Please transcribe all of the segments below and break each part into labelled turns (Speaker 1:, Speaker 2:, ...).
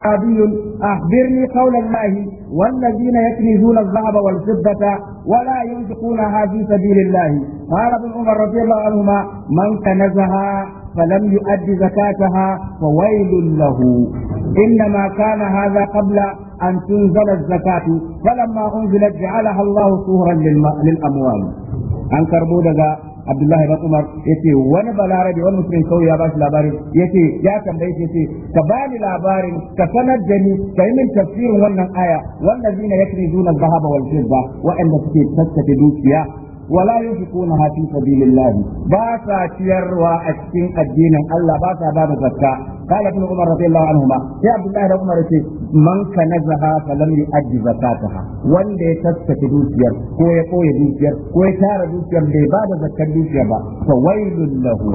Speaker 1: أعرابي أخبرني قول الله والذين يكنزون الذهب والفضة ولا ينفقونها في سبيل الله قال ابن عمر رضي الله عنهما من كنزها فلم يؤد زكاتها فويل له إنما كان هذا قبل أن تنزل الزكاة فلما أنزلت جعلها الله صهرا للأموال أنكر بودغا abdullahi ibn umar yace wani balarabe wani musulmin kauye ya bashi labarin yace ya tambaye shi yace ka bani labarin ka sanar da ni ka yi min tafsirin wannan aya wallazina yakrizuna dhahaba wal fidda wa inda suke tattace dukiya wala yunfiquna na sabilillah ba sa ciyarwa a cikin addinin Allah ba sa ba da zakka قال ابن sai Abdullahi da عنهما يا عبد الله عمر يقول من كنزها فلم يؤدي زكاتها wanda ya tattake dukiyar ko ya koya dukiyar ko ya tara dukiyar bai ba da zakkar dukiyar ba fa wailul lahu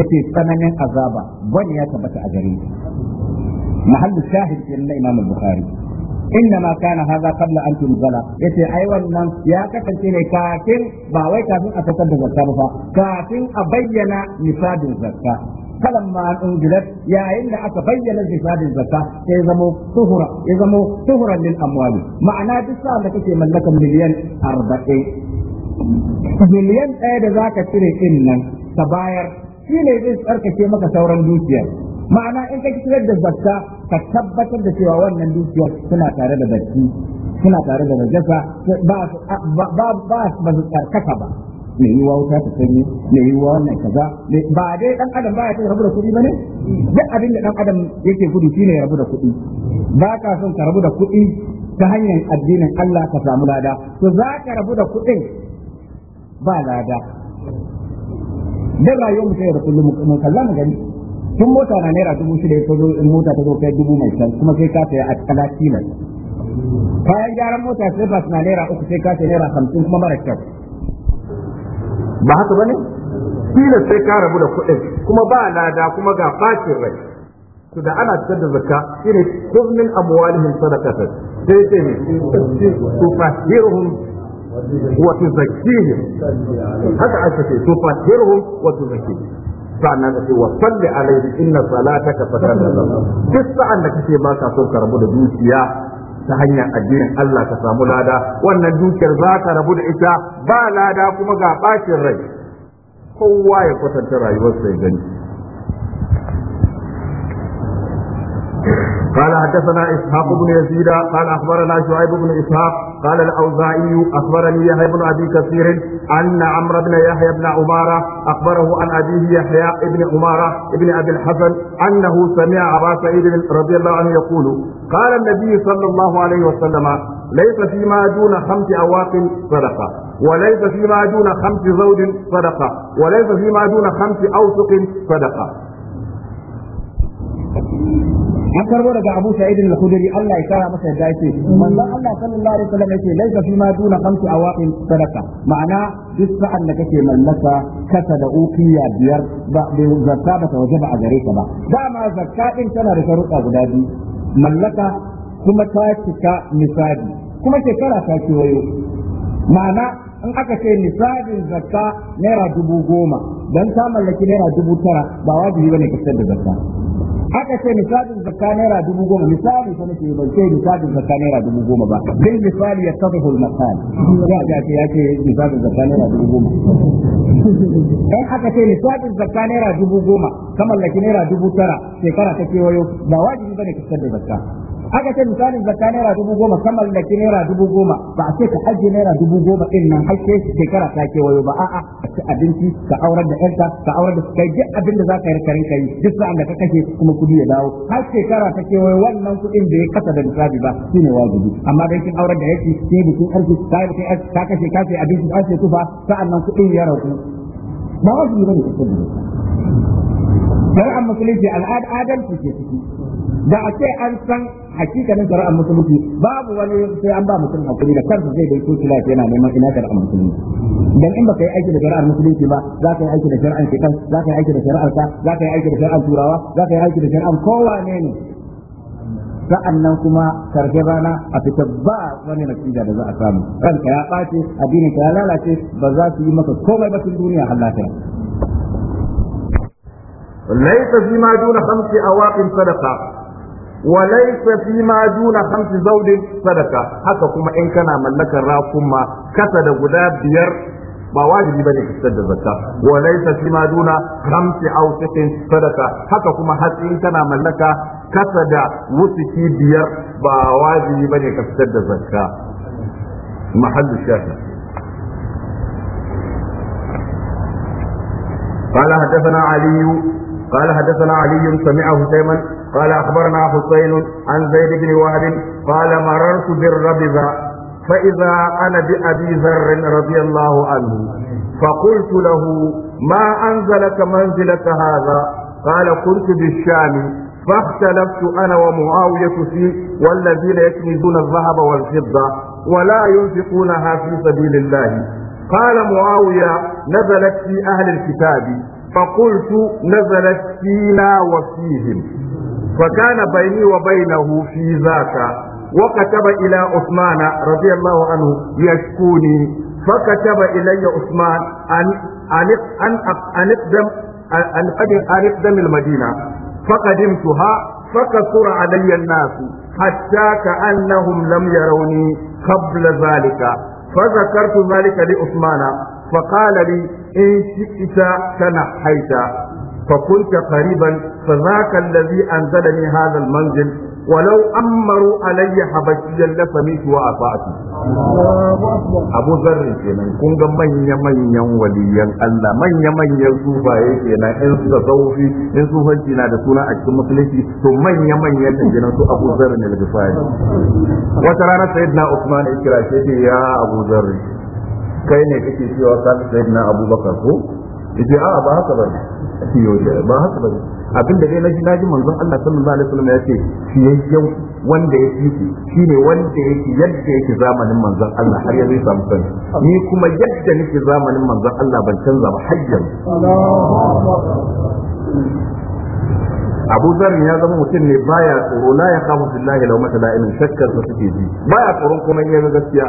Speaker 1: yace tsananin azaba bani ya tabbata a gare shi mahallu na imam al-bukhari inna ma kana hadha qabla an tunzala yace ai wannan ya kasance ne kafin ba wai kafin a fitar da zakka ba kafin a bayyana nisadin zakka فلما انزلت يا ان aka bayyana zifadin zakka sai zamo tuhura ya zamo tuhura lil amwali ma'ana duk sa da kake mallaka miliyan 40 miliyan ɗaya da zaka cire din nan ka bayar shine zai tsarkake maka sauran dukiyar ma'ana in ka fitar da zakka ka tabbatar da cewa wannan dukiyar suna tare da datti suna tare da najasa ba ba ba su karkata ba mai yiwuwa wuta ta sanyi mai yiwuwa wannan kaza ba dai dan adam ba ya ta rabu da kuɗi bane duk abin da dan adam yake gudu shine ya rabu da kuɗi ba ka son ka rabu da kuɗi ta hanyar addinin Allah ka samu lada to za ka rabu da kuɗin ba lada dan rayuwar mu da kullum mun kalla gani tun mota na naira dubu shida ya zo in mota ta zo kai dubu mai can kuma sai ka saya a talatin kayan gyaran mota sai ba na naira uku sai ka saya naira hamsin kuma mara kyau ba haka ba ne? tilas sai ka rabu da kuɗin kuma ba lada kuma ga bacin rai to da ana fitar da zakka shine kuzmin amwalihim sadaqatan sai ce ne aka ce هذا عشان تطهرهم وتزكيهم sa'annan ka ce wa salli alaihi inna salataka fatata duk sa'an da kake ba ka so ka rabu da dukiya ta hanyar addinin Allah ka samu lada wannan dukiyar za ka rabu da ita ba lada kuma ga bashin rai kowa ya kwatanta rayuwarsa ya gani قال حدثنا اسحاق بن يزيد قال اخبرنا شعيب بن اسحاق قال الاوزاعي اخبرني يحيى بن ابي كثير ان عمرو بن يحيى بن عماره اخبره عن ابيه يحيى بن عماره بن ابي الحسن انه سمع ابا سعيد رضي الله عنه يقول قال النبي صلى الله عليه وسلم ليس فيما دون خمس اواق صدقه وليس فيما دون خمس زوج صدقة وليس فيما دون خمس أوسق صدقة an karbo daga Abu Sa'id al-Khudri Allah ya kara masa yadda yake manzon Allah sallallahu alaihi wasallam yake laisa fi ma duna khamsi awaqin sadaka ma'ana duk sa'an da kake mallaka kasa da ukiya biyar ba bai zakka ba ta wajaba a gare ka ba dama zakka din tana da sharuɗa guda biyu mallaka kuma ta cika misali kuma shekara ta kewayo ma'ana in aka ce misalin zakka naira dubu goma don ta mallaki naira dubu tara ba wajibi bane ka fitar da zakka haka sai misalin zakka naira dubu goma misali ko nake ban ce misalin zakka naira dubu goma ba sai misali ya tafi hul masal ya ga ce ya ce misalin zakka naira dubu goma dan haka sai misalin zakka naira dubu goma kamar laki naira dubu tara shekara ta kewayo ba wajibi bane ka fitar da zakka aka ce misalin zakka naira dubu goma kamar da naira dubu goma ba a ce ka ajiye naira dubu goma din nan har sai shekara ta kewayo ba a'a ka abinci ka aurar da yarka ka aurar da kai duk abin da zaka yi karin kai duk sa'an da ka kashe kuma kudi ya dawo har shekara ta kewayo wannan kudin da ya kasa da misali ba shine wajibi amma dan kin aurar da yake sai bikin arki sai bikin arki ka kashe ka sai abinci ka sai tufa nan kudin ya rauku ba wajibi bane ka sani an musulunci al'adalci ke ciki da a ce an san hakikanin shari'ar musulunci babu wani sai an ba mutum hakuri da kansa zai dai koki lafiya yana neman ina shari'ar musulunci dan in baka yi aiki da shari'ar musulunci ba za ka yi aiki da shari'ar shekan za ka yi aiki da shari'ar ka za ka yi aiki da shari'ar turawa za ka yi aiki da shari'ar kowa ne ne sa'annan kuma karshen rana a fita ba wani natija da za a samu ranka ya ɓace addinin ka ya lalace ba za su yi maka komai ba duniya har lafiya ليس فيما دون خمس أواق صدقة wa laysa ma duna khamsi zawdin sadaka haka kuma in kana mallakar raƙuma kasa da guda biyar ba wajibi bane ka fitar da zakka wa laysa fi ma duna khamsi awsiqin sadaka haka kuma hatsi in kana mallaka kasa da wusuki biyar ba wajibi bane ka fitar da zakka mahallu shahid قال حدثنا علي قال حدثنا علي سمعه دائما قال أخبرنا حسين عن زيد بن وهب قال مررت بالربذة فإذا أنا بأبي ذر رضي الله عنه فقلت له ما أنزلك منزلك هذا قال كنت بالشام فاختلفت أنا ومعاوية فيه والذين يكنزون الذهب والفضة ولا ينفقونها في سبيل الله قال معاوية نزلت في أهل الكتاب فقلت نزلت فينا وفيهم فكان بيني وبينه في ذاك وكتب إلى عثمان رضي الله عنه يشكوني فكتب إلي عثمان أن أن أن أقدم أن أقدم المدينة فقدمتها فكثر علي الناس حتى كأنهم لم يروني قبل ذلك فذكرت ذلك لعثمان فقال لي إن شئت تنحيت فكنت قريبا فذاك الذي أنزلني هذا المنزل ولو أمروا علي حبشيا لسميت وأطعت أبو ذر kenan kun ga manya manyan waliyan Allah manya manyan sufaye kenan in suka zaufi in sufanci na da suna a cikin musulunci to manya manyan kenan su Abu Zar ne da fa'ida wata rana sayyidina Usman ya kira Abu kai ne kake cewa sayyidina Abubakar ko yace a ba haka ba ne yau ba haka ba ne abinda dai na ji manzon Allah sallallahu alaihi wasallam ce. shi yau wanda yake shi ne wanda yake yadda yake zamanin manzon Allah har zai samu sani ni kuma yadda nake zamanin manzon Allah ban canza ba har yanzu abu zarin ya zama mutum ne baya tsoro la ya kama billahi law mata la'imin shakkar da suke ji baya tsoron kuma in gaskiya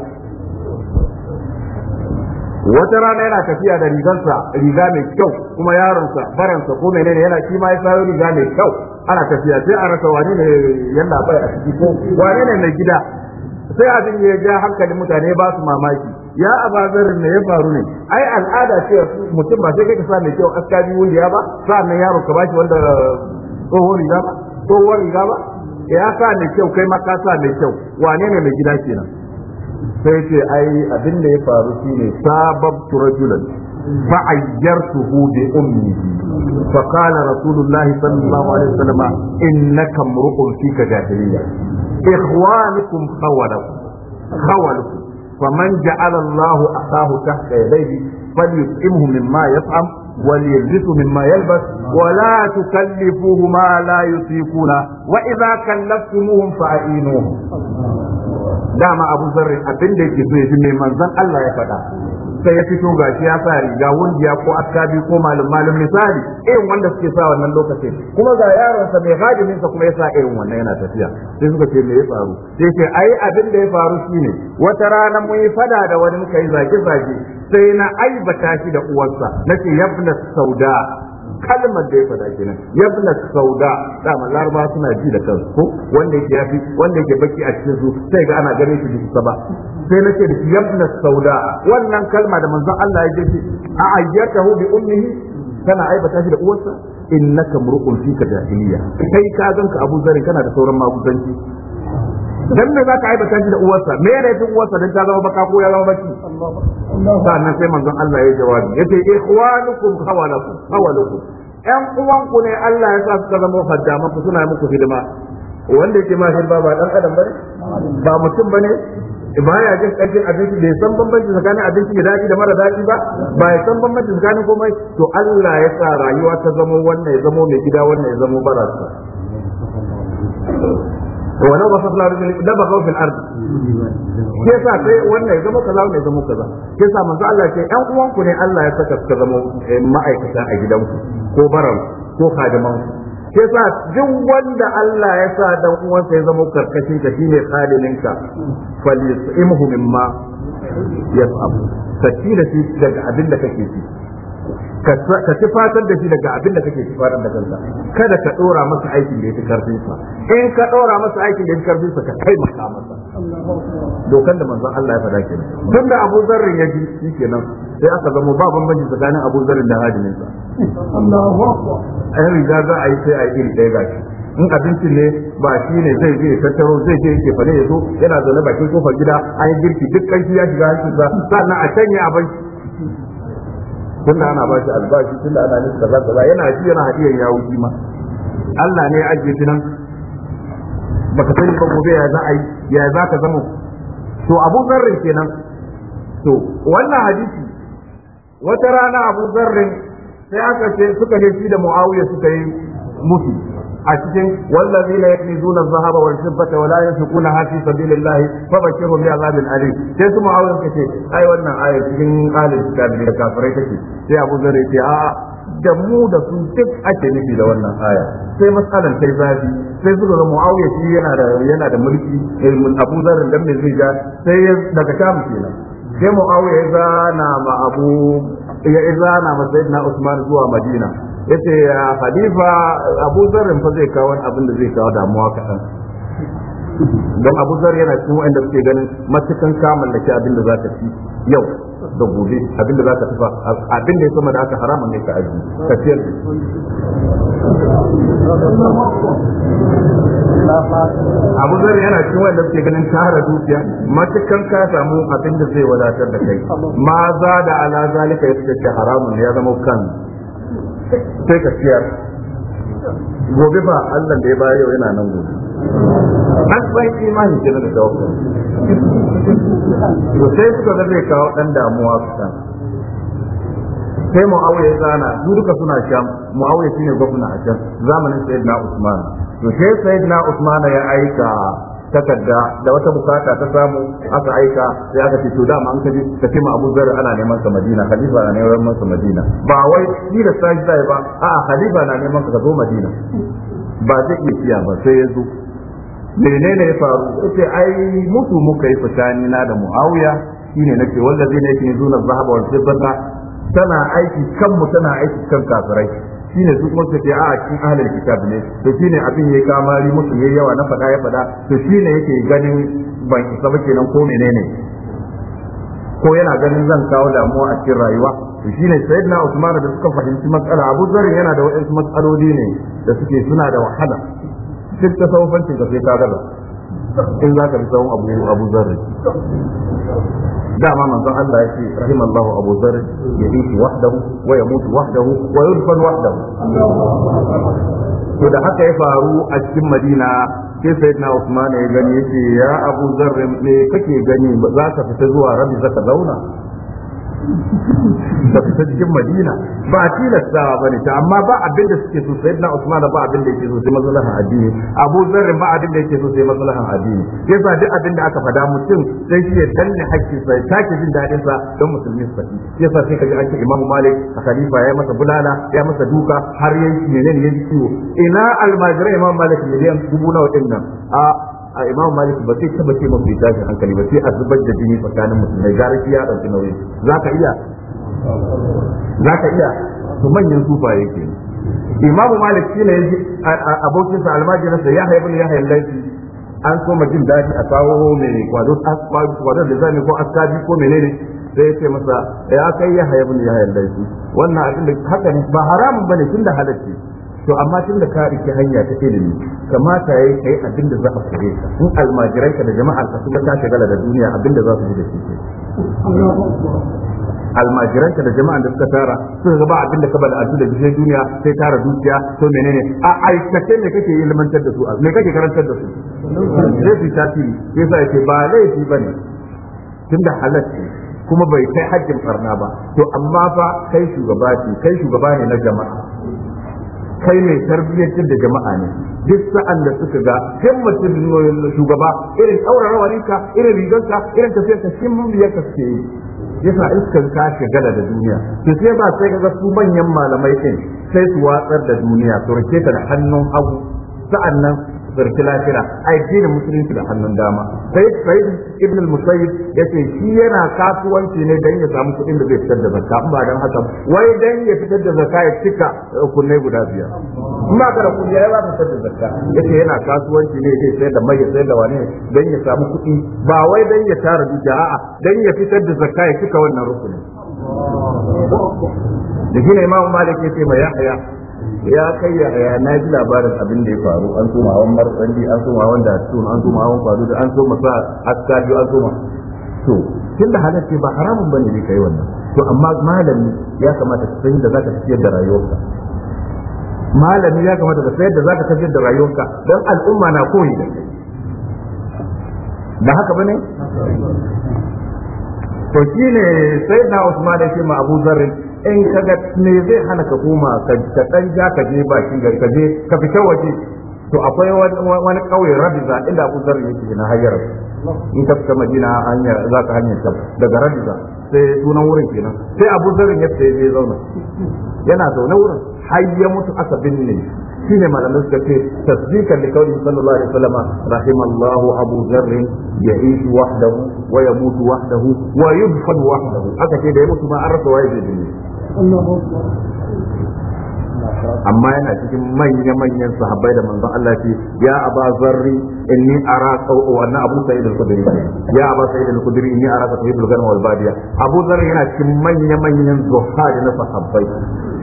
Speaker 1: wata rana yana tafiya da rigarsa riga mai kyau kuma yaronsa baransa ko menene yana shi ma ya sayo riga mai kyau ana tafiya sai a rasa wani ne yana bai a ciki ko wani ne mai gida sai abin ya ja hankalin mutane ba su mamaki ya abazarin ne ya faru ne ai al'ada ce mutum ba sai kai ka sa mai kyau aska biyu ya ba sa'annan yaro ka bashi wanda tsohon riga ba tsohon riga ba ya sa mai kyau kai ma ka sa mai kyau wane ne mai gida kenan sai ce ai abin da ya faru shine sabab turajulan fa'ayyartu hu bi ummi fa qala rasulullahi sallallahu alaihi wasallam innaka mur'un fi kajahiliya ikhwanukum khawalu khawalu فمن جعل الله أخاه تحت يديه فليطعمه مما يطعم وليلبسه مما يلبس ولا تكلفوه ما لا يطيقونه وإذا كلفتموهم فأعينوهم dama abu zarri abin da yake so ya fi mai manzon Allah ya faɗa sai ya fito ga shi ya sa riga wundiya ko askabi ko malum malum misali irin wanda suke sa wannan lokacin kuma ga yaronsa mai hajimin sa kuma ya sa irin wannan yana tafiya sai suka ce me ya faru sai ce ai abin da ya faru shine wata rana mun yi fada da wani mukayi zage zage sai na aibata shi da uwarsa nace yabna sauda kalmar da ya faɗa kenan yabna sauda dama ba suna ji da kansu ko wanda yake yafi wanda yake baki a cikin su sai ga ana gare shi bisa ba sai nake da yabna sauda wannan kalma da manzon Allah ya ce a ayyatahu bi ummihi kana aibata shi da uwarsa innaka mur'un fika jahiliya kai ka ganka Abu Zari kana da sauran maguzanci dan me zaka aibata shi da uwarsa me yana tun uwarsa dan ta zama baka ko ya zama baki sannan sai manzon Allah ya jawabi yace ikhwanukum hawalakum ɗan uwan uwanku ne Allah ya sa suka zama fadda ku suna muku hidima wanda yake mahin ba ba dan adam bane ba mutum bane ba ya jin ƙarfin abinci bai san bambanci tsakanin abinci da daɗi da mara daɗi ba ba ya san bambanci tsakanin komai to Allah ya sa rayuwa ta zama wannan ya zama mai gida wannan ya zama barasa ولو بسطنا رجلي لبغوا في الارض كيسا سي wannan ya zama kaza wannan ya zama kaza Ke sa manzo Allah ce ɗan uwanku ne Allah ya saka ka zama eh, ma'aikata a gidanku ko baran ko kadiman ke sa duk wanda Allah ya sa dan uwansa ya zama karkashin ka shine khalilinka falyusimhu mimma yas'ab ka ci da shi daga abin da kake ci ka ci fatan da shi daga abin da kake fatan da kanka kada ka dora masa aikin da ya fi karfinsa in ka dora masa aikin da ya fi karfinsa ka kai masa masa dokan da manzon Allah ya faɗa kenan tun da Abu Zarrin ya ji shi kenan sai aka zama ba bambanci tsakanin Abu Zarrin da hadimin sa Allahu akbar ai riga za a yi sai a yi iri ɗaya gashi in abincin ne ba shi ne zai je tattaro zai je yake fare ya zo yana zaune bakin kofar gida an yi girki duk kanki ya shiga hankinsa sannan a canye abin tunda ana ba shi albashi tunda ana nisa kaza kaza yana ji yana iya yawo shi ma Allah ne ya ajiye shi nan baka sani ba gobe ya za a yi ya za ka zama to Abu Zarrin kenan to wannan hadisi wata rana Abu Zarrin sai aka ce suka je shi da Muawiya suka yi musu a cikin يكنزون الذهب adh ولا wal fiddata سبيل الله yunfiquna بعذاب sabilillahi كيف bi'adhabin alim sai su wannan ayar cikin alif kafir da kafirai take sai Abu a da mu da su duk ake nufi da wannan aya sai matsalar sai zafi sai suka ga mu'awiya shi yana da yana da mulki eh, Abu Dharr dan me zai ga sai daga mu kenan sai mu'awiya ya zana ma Abu ya izana ma Usman zuwa Madina ya ce ya halifa abu zarin fa zai kawo abin da zai kawo damuwa kaɗan don abu zar yana cikin wa'anda suke ganin matukan da ke abin da za ka ci yau da gobe abin da za ka tafa abin da ya sama da aka harama ne ka aji ka ciyar abu zar yana cikin wa'anda suke ganin tara dukiya matukan ka samu abin da zai wadatar da kai ma za da ala zalika ya fita haramun ya zama kan sai ka siyar gobe ba Allah da ya bayar yau yana nan gobe an bai imani ke da tawakkali ko sai suka ga zai kawo dan damuwa su kan sai muawiya zana su duka suna sham muawiya shine gwamna a can zamanin sayyidina usman to sai sayyidina usman ya aika takarda da wata bukata ta samu aka aika sai aka ce to da ma an kaje ka ce ma Abu Zar ana neman sa Madina Khalifa ana neman sa Madina ba wai ni da sai zai ba a Khalifa na neman ka zo Madina ba zai iya siya ba sai ya menene ya faru sai ai mutu muka yi fitani na da Muawiya shine nake wallazi ne yake zuwa zahaba wal fiddata tana aiki kanmu tana aiki kan kafirai shine duk wanda ke a cikin ahlul kitab ne to shine abin yayi kamari musu ya yawa na fada ya fada to shine yake ganin ban isa ba kenan ko menene ko yana ganin zan kawo damuwa a cikin rayuwa to shine sayyidina Usman da suka fahimci matsala Abu Zarri yana da wa'ansu matsaloli ne da suke suna da wahala duk tasawufancin da sai ka gaza in za ka bi tsawon Abu Abu Zarri dama من Allah الله rahimallahu Abu الله ya ذر wahdahu wa ويموت وحده wa وحده to da haka ya faru a cikin Madina sai sayyidina Usman ya gani yake ya Abu Dharr me kake gani za ka fita zuwa rabi zaka zauna da cikin madina ba a tilastawa ba ne amma ba abin da suke so sayyidina usman ba abin da yake so sai maslahan addini abu zarrin ba abin da yake so sai maslahan addini yasa duk abin da aka fada mutum sai shi ya danne hakkin sa ya take jin dadin sa don musulmi su fadi yasa sai kaji ake imamu malik a khalifa ya masa bulala ya masa duka har yayi ya yayi ciwo ina almajirai imamu malik miliyan dubu nawa din nan a a imam malik ba sai taba ce mafi tashin hankali ba sai a zubar da jini tsakanin musulmai gara shi ya ɗauki nauyi za ka iya za ka iya su manyan sufaye ke imam malik shi ne abokin sa almajirarsa ya haifu ya haifu laifi an koma jin daɗi a kawo mai kwadon da zami ko askabi ko menene sai ya ce masa ya kai ya haifu ya haifu laifi wannan abin da haka ba haramun bane tun da halarci to amma tun da ka rike hanya ta ilimi kamata yayi kai abin da za a kore ka in almajirai ka da jama'ar ka suka ta shagala da duniya abin da za su yi da shi almajiran ka da jama'an da suka tara suka ga ba abin da ka bada da bishe duniya sai tara dukiya to menene a aikace ne kake ilmantar da su me kake karantar da su zai fi tasiri sai sa yake ba laifi Tun da halatta kuma bai kai hajjin farna ba to amma fa kai shugaba ce kai shugaba ne na jama'a kai mai tarbiyyantar da jama'a ne duk sa'an da suka ga himmacin shugaba irin ɗaurara rawaninka irin rigarka irin tafiyarka shin mun biyar ka suke yi yasa iskan ka shigala da duniya to sai ba sai ga su manyan malamai ɗin sai su watsar da duniya su rike ta da hannun hagu sa'annan a lafira addinin musulunci da hannun dama sai sai ibn al-musayyib yace shi yana kasuwanci ne dan ya samu kuɗin da zai fitar da zakka ba dan haka wai dan ya fitar da zakka ya cika kunne guda biyar kuma ka da kuɗi ya ba fitar da zakka yace yana kasuwanci ne zai sayar da mai sayar da wani dan ya samu kuɗi ba wai dan ya tara dukiya a'a dan ya fitar da zakka ya cika wannan rukunin da shi ne imamu malik yace ma yahya ya kai ya ya na ji labarin abin da ya faru an so ma hawan martsandi an so ma da datsun an so ma hawan faru da an so ma sa askari, an so ma to tun da halarci ba haramun bane ne kai wannan to amma malami ya kamata ka san da zaka tafiyar da rayuwarka malami ya kamata ka sayar da zaka tafiyar da rayuwarka don al'umma na koyi da kai da haka bane to shine sayyidina Usman da shi ma Abu Zarri in ka ga me zai hana ka koma ka dan ja ka je bakin gari ka je ka fita waje to akwai wani kauye rabiza inda abu zar yake na hayar in ka fita madina hanyar za ka hanyar ta daga rabiza sai sunan wurin kenan sai abu zar ya fita zai zauna yana zaune wurin hayya mutu aka binne shine malamin suka ce tasdikan da qawli sallallahu alaihi wasallam rahimallahu abu zarr ya'ish wahdahu wa yamutu wahdahu wa yudfan wahdahu aka ce da ya mutu ma an rasa waye zai binne
Speaker 2: الله أكبر
Speaker 1: amma yana cikin manya manyan sahabbai da manzon Allah ce ya aba zarri inni ara sau wa anna abu sa'id al-khudri ya aba sa'id al-khudri inni ara sa'id al-ghanam wal badiya abu zarri yana cikin manya manyan zuhad na sahabbai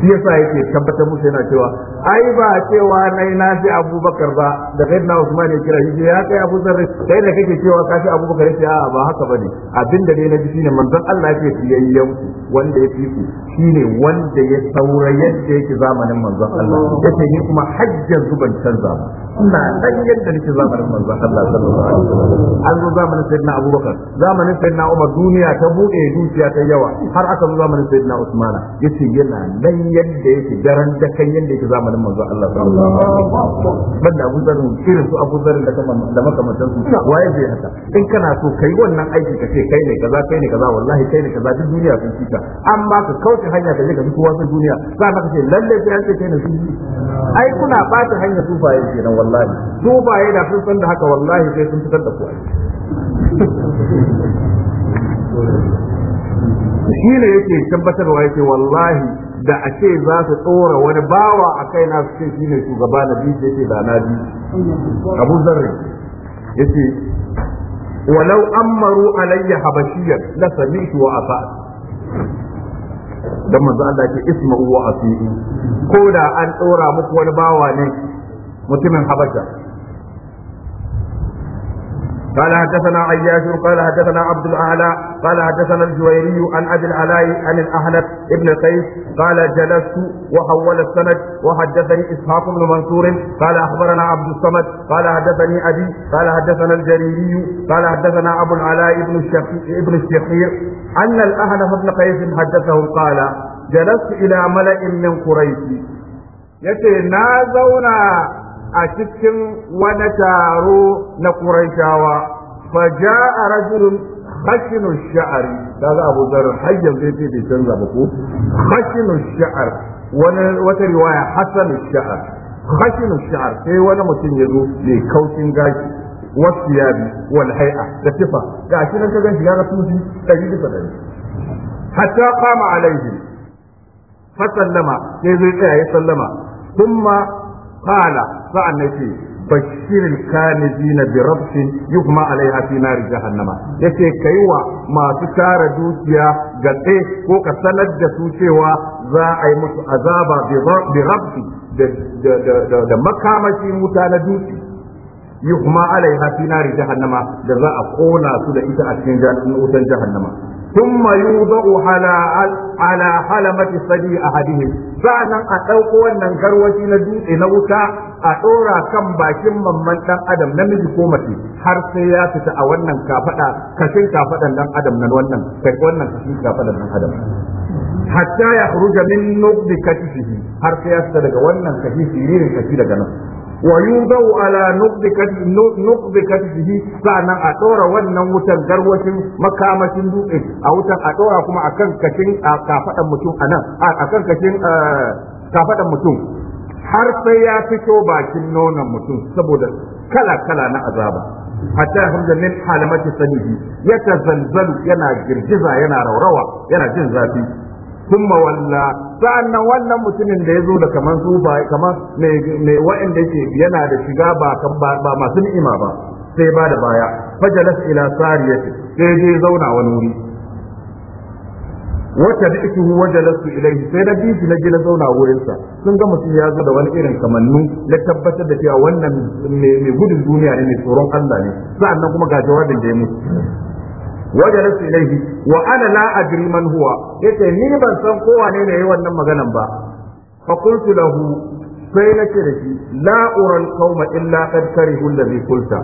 Speaker 1: shi yasa yake tabbatar musu yana cewa ai ba cewa nai na ji abubakar ba da sayyidina usman ya kira shi ya kai abu zarri kai da kake cewa ka fi abubakar ce a'a ba haka bane abinda dai na ji shine manzon Allah yake fiyayyen wanda ya fi ku shine wanda ya saura yadda yake zamanin manzon Allah yace ni kuma hajjar zuban canza ba ina dan yadda nake zamanin manzon Allah sallallahu alaihi wasallam an zo zamanin sayyidina Abubakar zamanin sayyidina Umar duniya ta bude dukiya ta yawa har aka zo zamanin sayyidina Usman yace yana nan yadda yake daren da kan yadda yake zamanin manzon Allah sallallahu alaihi wasallam banda Abu Dharr irin su Abu Dharr da kaman da makamantan su waye zai haka in kana so kai wannan aiki ka ce kai ne kaza kai ne kaza wallahi kai ne kaza duk duniya sun cika an ba ka kauce hanya da zai ga kowa sai duniya Za maka ce lalle sai an ce na sufi ai kuna bata hanyar sufaye kenan wallahi sufaye da sun san da haka wallahi sai sun fitar da ku shi ne yake tabbatarwa yake wallahi da a ce za su tsora wani bawa a kai na su ce shi ne shugaba na biyu ce da na biyu abu zarri ya ce walau ammaru alayya habashiyar sami shi wa don manzo Allah ke isma'u wa asi'u ko da an tsora muku wani bawa ne mutumin habasha قال حدثنا عياش قال حدثنا عبد الاعلى قال حدثنا الجويري عن ابي العلاء عن الاحنف ابن قيس قال جلست وحول السند وحدثني اسحاق بن منصور قال اخبرنا عبد الصمد قال حدثني ابي قال حدثنا الجريري قال حدثنا ابو العلاء ابن الشقيق ابن الشقيق ان الاحنف بن قيس حدثهم قال جلست الى ملئ من قريش yace na zauna a cikin wani taro na Qurayshawa fa jaa rajulun khashinu sha'ari za Abu Dharr hajjar zai fi bai canza ba ko hashinu sha'ar wani wata riwaya hasanu sha'ar hashinu sha'ar sai wani mutum ya zo mai kaucin gashi wasu bi wani hai'a da tifa shi nan ka gan shi ya rasu shi ɗari bisa ɗari hatta qama alaihi tsaya ya sallama, kuma kala sa'an nan ce bashiril kanizina bi rabtin yuhma alaiha fi nari jahannama yace kai wa masu tara dukiya gatse ko ka sanar da su cewa za a yi musu azaba bi rabti da makamashi wuta na dutse yuhma alaiha fi nari jahannama da za a kona su da ita a cikin wutan jahannama Tumma yiwu ba a halamata sadi a hadu heba. Za a nan a ɗauko wannan garwashi na dutse na wuta a ɗora kan bakin mamman dan adam na miji ko mace har sai ya fita a wannan kafin kafadar dan adam nan wannan. Hata ya rufe min nugbe kaci har sai ya fita daga wannan kafin shirin kafi daga nan. wa yuzau ala nuqbi katfihi sa'annan a ɗora wannan wutan garwacin makamashin dutse a wutan a ɗora kuma akan kashin kafadan mutum anan akan kafadan mutum har sai ya fito bakin nonon mutum saboda kala kala na azaba hatta hamza min halamati sanihi zanzan yana girgiza yana raurawa yana jin zafi thumma walla sa'annan wannan mutumin da ya zo da kamar sufa kaman mai wa'anda yake yana da shiga ba ba masu ni'ima ba sai ba da baya fajalas ila sariyati sai je zauna wani wuri wata da ikihu wajalastu ilaihi sai na biji na je na zauna sa sun ga mutum ya zo da wani irin kamannu na tabbatar da cewa wannan mai gudun duniya ne mai tsoron Allah ne sa'annan kuma ga jawabin da ya wajalasu ilaihi wa ana la adri man huwa yace ni ban san ko wane ne yayi wannan maganan ba fa qultu lahu sai na ce da shi la'uran ural qauma illa qad karihu allazi kulta,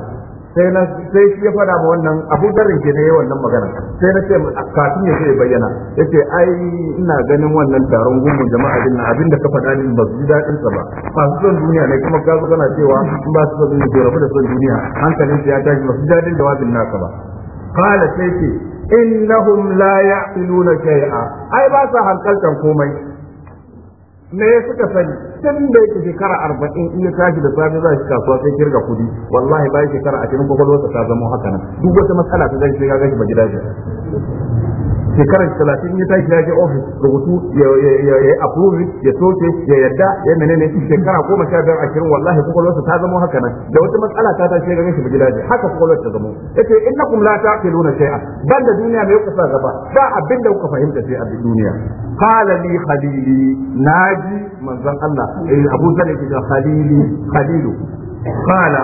Speaker 1: sai na sai shi ya fada ma wannan Abu Darrin ke ne wannan magana sai na ce kafin ya ya bayyana yace ai ina ganin wannan taron gungun jama'a din abinda ka fada ni ba su ji daɗin sa ba masu son duniya ne kuma ka zo kana cewa in ba su son duniya rabu da son duniya hankalin su ya tashi ba su ji daɗin da naka ba qala sai ce innahum la ya'qiluna shay'a ai ba sa hankaltan komai me suka sani tun da yake shekara arba'in in ya tashi da safe za shi kasuwa sai kirga kudi wallahi kara shekara ashirin kwakwalwarsa ta zama haka nan duk wata matsala ta zai shiga gashi ba gida shekarar talatin ya tashi ya ofis rubutu ya ya approve ya soke ya yadda ya menene shekara goma sha biyar ashirin wallahi kwakwalwarsa ta zama haka nan da wata matsala ta tashi ya gane shi gida je haka kwakwalwar ta zama yace innakum la taqiluna shay'a ban da duniya mai kusa gaba ba abin da kuka fahimta sai a duniya qala li khalili naji manzon Allah eh, Abu Zalil da khalili khalilu qala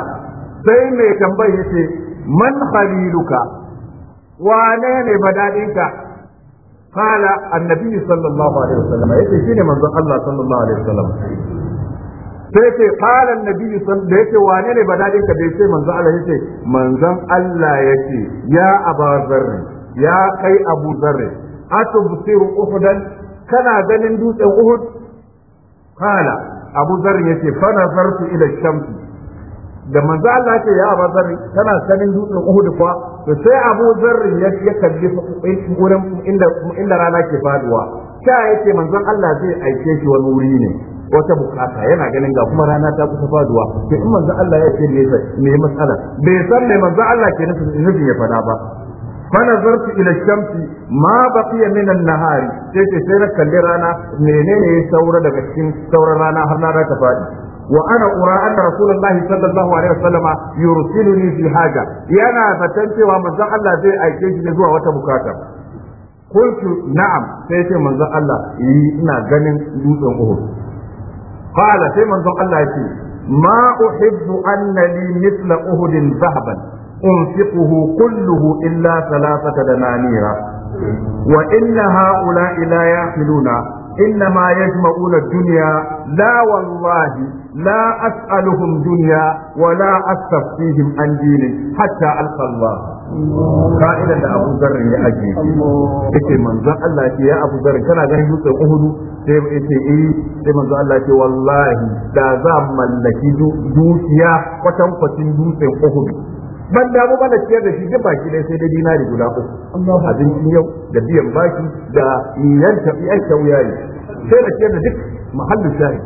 Speaker 1: sai mai tambaye yace man khaliluka wane ne madadinka قال النبي صلى الله عليه وسلم يتي شيني من الله صلى الله عليه وسلم sai ce kalan nabi da yake wane ne badadin ka bai ce manzon Allah yace manzon Allah yace ya Abu Zarri ya kai Abu Zarri atubsiru Uhudan kana ganin dutsen Uhud kala Abu Zarri yace fa nazartu ila shamsi da manzo Allah ce ya Abu Zarri tana sanin dutsen Uhud kuwa to sai Abu Zarri ya kalli wurin inda inda rana ke faduwa ta yake manzon Allah zai aike shi wani wuri ne wata bukata yana ganin ga kuma rana ta kusa faduwa ke in manzon Allah ya ce me matsala bai san me manzo Allah ke nufin ya fada ba فنظرت الى الشمس ما بقي من النهار sai sai na kalli rana menene ya saura daga cikin sauran rana har na ta fadi wa ana ura anna rasulullah sallallahu alaihi wasallam yursiluni fi haja yana fatan cewa manzon Allah zai aike shi zuwa wata bukata qultu na'am sai ce manzon Allah eh, ina ganin dutsen Uhud qala sai manzon Allah ya ce ma uhibbu anna li Uhudin zahaban أنفقه كله إلا ثلاثة دنانير وإن هؤلاء لا يعقلون إنما يجمعون الدنيا لا والله لا أسألهم دنيا ولا أستفتيهم عن دين حتى ألقى الله ka'idan da abu zarra ya ajiye yake manzon Allah ce ya abu zarra kana ganin dutsen uhudu sai yake eh sai manzon Allah ce wallahi da za mallaki dukiya kwatan dutsen uhudu ban damu ba ciyar da shi duk baki dai sai dai dinari guda uku abincin yau da biyan baki da yanta yanta wuyayi sai na ciyar da duk mahallin shahid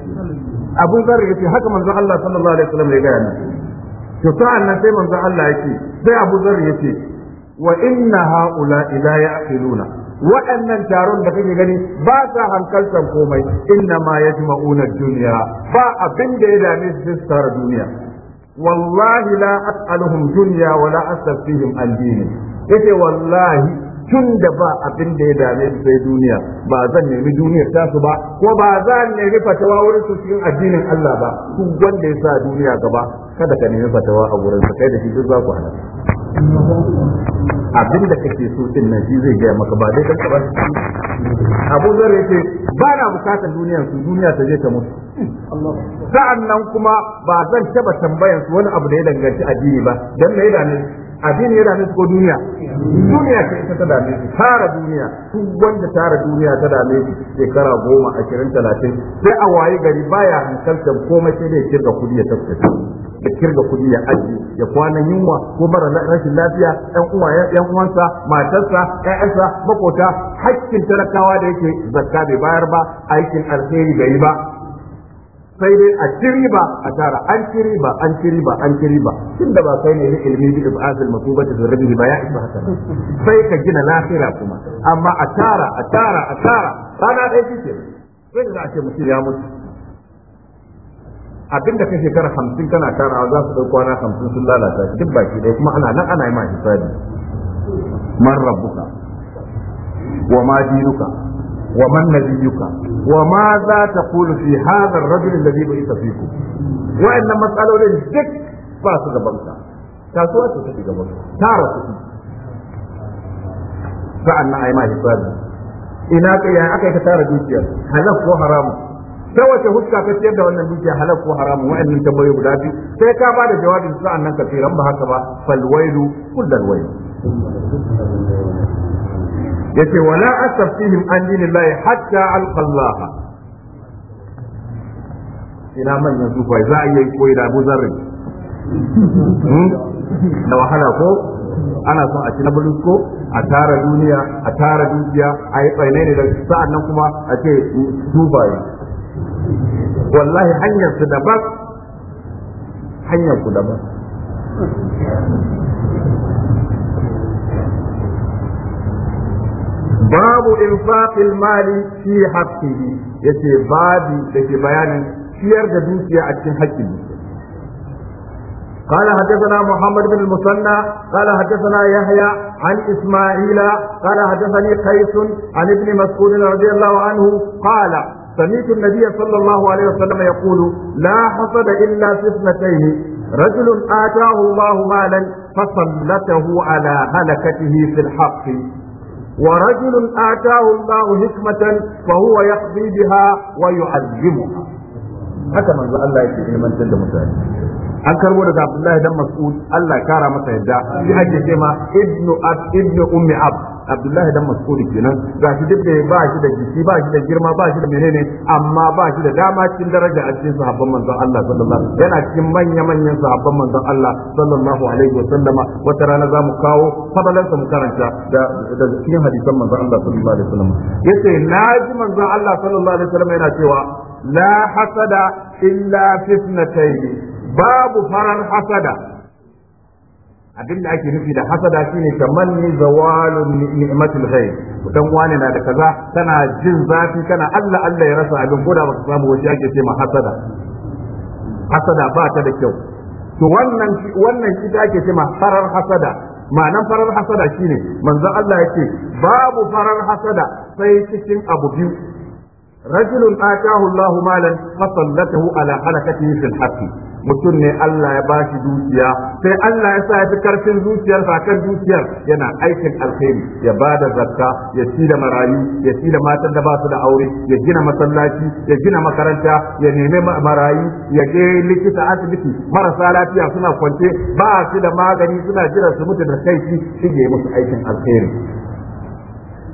Speaker 1: abu zar yace haka manzon Allah sallallahu alaihi wasallam ya gaya ni to sa'an nan sai manzon Allah yake sai abu zar yace wa inna haula ila ya'qiluna waɗannan taron da kake gani ba sa hankaltan komai inna ma yajma'una dunya ba abin da ya dame su su tara duniya wallahi la as'aluhum dunya wa la astafihim an dini yace wallahi tun da ba abin da ya dame su sai duniya ba zan nemi duniyar tasu ba ko ba zan nemi fatawa wurin su cikin addinin Allah ba su wanda ya sa duniya gaba kada ka nemi fatawa a wurin sa kai da shi duk za ku halaka abin da kake so din nan shi zai gaya maka ba dai kanka ba Abu Zar yace ba na bukatar duniyar su duniya ta je ta mutu nan kuma ba zan taba tambayar su wani abu da ya danganci addini ba dan me yana addini ya ne ko duniya duniya ce ita ta dame su tara duniya su wanda tara duniya ta dame su shekara goma ashirin talatin sai a waye gari baya hankaltar komai sai dai kirga kudi ya tafi da kirga kuɗi ya aji ya kwana yunwa ko mara rashin lafiya ɗan uwa ɗan uwansa matarsa ƴaƴansa makota hakkin talakawa da yake zakka bai bayar ba aikin alheri bai yi ba sai dai a ci riba a tara an ci riba an ci riba an ci riba da ba kai ne ilmi bi ibasil masuba da rabbi ba ya isa haka sai ka gina lahira kuma amma a tara a tara a tara rana ɗaya kike sai da a ce mutum ya mutu abin da ka shekara hamsin kana tarawa za su ɗau kwana hamsin sun lalata duk baki ɗaya kuma ana nan ana yi ma hisabi man rabbuka wa ma dinuka wa man nabiyuka wa ma za ta kulu fi hadha ar-rajul alladhi bu'itha fikum wa'annan matsalolin duk ba su gaban ka kasuwa ce take gaban ka tara su kuɗi sa'annan ai ma hisabi ina kai ya aka yi ka tara dukiya? halal ko haramu ta wace huska ta ciyar da wannan dukiya halal ko haramu wa'annan tambayoyi guda biyu sai ka ba da jawabin sa'an nan ka tsira ba haka ba falwailu kullal wailu yace wala fihim an dinillahi hatta alqallaha ina manyan sufai za a yi koyi da buzarri Zarri hmm? da wahala ko ana son a ci na ko a tara duniya a tara dukiya a yi tsaine ne da sa'an nan kuma a ce sufaye wallahi hanyar su daban hanyar ku daban babu infaqil mali fi haqqihi yace babi dake bayani, ciyar da dukiya a cikin haƙƙin قال حدثنا محمد بن المثنى قال حدثنا يحيى عن اسماعيل قال حدثني قيس عن ابن مسعود رضي الله عنه قال سمعت النبي صلى الله عليه وسلم يقول لا حسد إلا في اثنتين رجل آتاه الله مالا فسلته على هلكته في الحق ورجل آتاه الله حكمة فهو يقضي بها ويعلمها haka manzo Allah yake ilmantar da mutane an karbo daga Abdullahi dan Mas'ud Allah ya kara masa yadda shi ake cewa ibnu ab ibnu ummi ab abdullahi dan mas'ud kenan shi duk da ba shi da jiki ba shi da girma ba shi da menene amma ba shi da dama cikin daraja a cikin sahabban manzon Allah sallallahu alaihi yana cikin manya manyan sahabban manzon Allah sallallahu alaihi wa wata rana za mu kawo fadalan mu karanta da da cikin hadisan manzon Allah sallallahu alaihi wasallam yace naji manzon Allah sallallahu alaihi wasallam yana cewa la hasada illa fitnatayn babu farar hasada abin da ake nufi da hasada shine tamanni zawalun ni'matil ghaib dan wani na da kaza Tana jin zafi kana Allah Allah ya rasa abin koda ba samu waje ake ce ma hasada hasada ba ta da kyau to wannan wannan ita ake ce ma farar hasada ma'anan farar hasada shine manzo Allah yake babu farar hasada sai cikin abu biyu rajulun atahu Allahu malan fasallatahu ala halakatihi fil haqqi mutum ne Allah ya bashi dukiya sai Allah ya sa ya fi karfin zuciyar kan dukiyar yana aikin alkhairi ya ba da zakka ya ci da marayu ya ci da matan da ba su da aure ya gina masallaci ya gina makaranta ya nemi marayu ya je likita asibiti marasa lafiya suna kwance ba su da magani suna jira su mutu da kai shi ya musu aikin alkhairi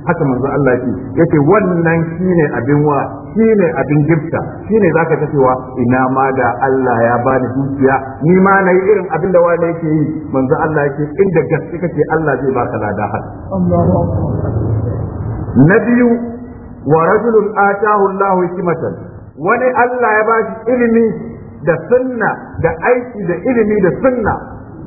Speaker 1: haka manzo Allah ya yake wannan shine abin wa shi ne abin gifta shi shine zaka ta cewa ina ma da Allah ya bani dukiya ni ma na yi irin abin da wani yake yi manzo Allah yake inda gaske kake Allah zai baka lada har na biyu wa rajulun atahu Allah hikmatan wani Allah ya bashi ilimi da sunna da aiki da ilimi da sunna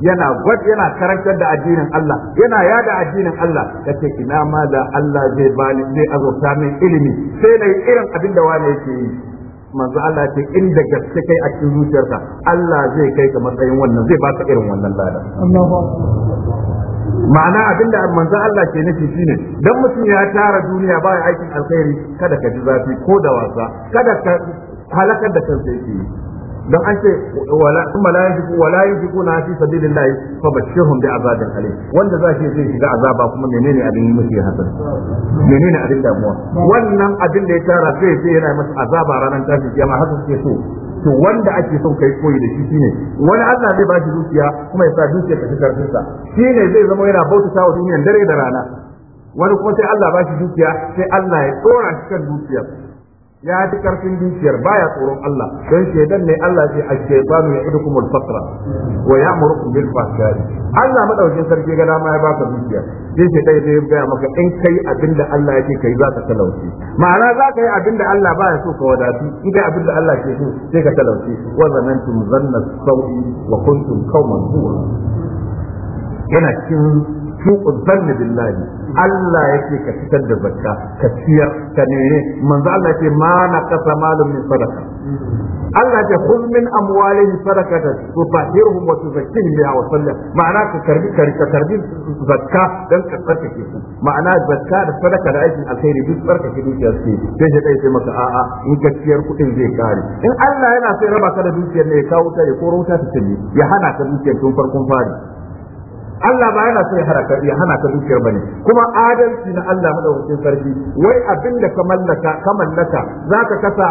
Speaker 1: yana gwad yana karantar da addinin Allah yana yada addinin Allah kace ina ma da Allah zai bani zai azurta min ilimi sai nayi irin abin da wani yake yi manzo Allah ce inda gaske kai a cikin zuciyarka Allah zai kai ka matsayin wannan zai baka irin wannan lada Allahu ma'ana abinda manzo Allah ke nufi shine dan mutum ya tara duniya ba ya aikin alkhairi kada ka ji zafi ko da wasa kada ka halakar da kansa yake don an ce wala yajiku na fi sabilillah fa bashirhum bi azabin alim wanda za shi zai shiga azaba kuma menene abin mushi hasan menene abin damuwa wannan abin da ya tara sai sai yana masa azaba ranar tashi kiyama haka suke so to wanda ake son kai koyi da shi shine wani Allah zai ba shi dukiya kuma ya sa dukiya ta fitar sa shine zai zama yana bauta wa duniyar dare da rana wani kuma sai Allah ba shi dukiya sai Allah ya tsora shi kan dukiyar ya fi karfin dukiyar baya tsoron Allah don shaidan ne Allah ce a shaytanu ya idu kumul fasra, wa ya'murukum bil fahsha'i Allah madaukin sarki ga dama ya baka dukiya sai ce dai ga maka in kai abinda Allah yake kai za ka talauci ma'ana za ka yi abinda Allah baya so ka wadatu in kai abinda Allah ke so sai ka talauci wa zanantum zanna sawi wa kuntum qauman zuwa yana cikin suq dhann billahi Allah yake ka fitar da zakka ka ciyar ka nemi, manzo Allah yake ma naqasa malum min sadaqa Allah ya khudh min amwalihim sadaqata tutahhiruhum wa tuzakkihim biha wa sallim ma'ana ka karbi ka karbi zakka dan ka tsarkake su ma'ana zakka da sadaka da aikin alkhairi duk tsarkake dukiyar su sai ya dai maka a'a in ka ciyar kuɗin zai kare in Allah yana sai raba ka da dukiyar ne ya kawo ta ya koro ta ta ya hana ka dukiyar tun farkon fari Allah ba yana so ya haraka ya hana ka dukiyar bane kuma adalci na Allah madaukakin sarki wai abin da ka mallaka ka mallaka zaka kasa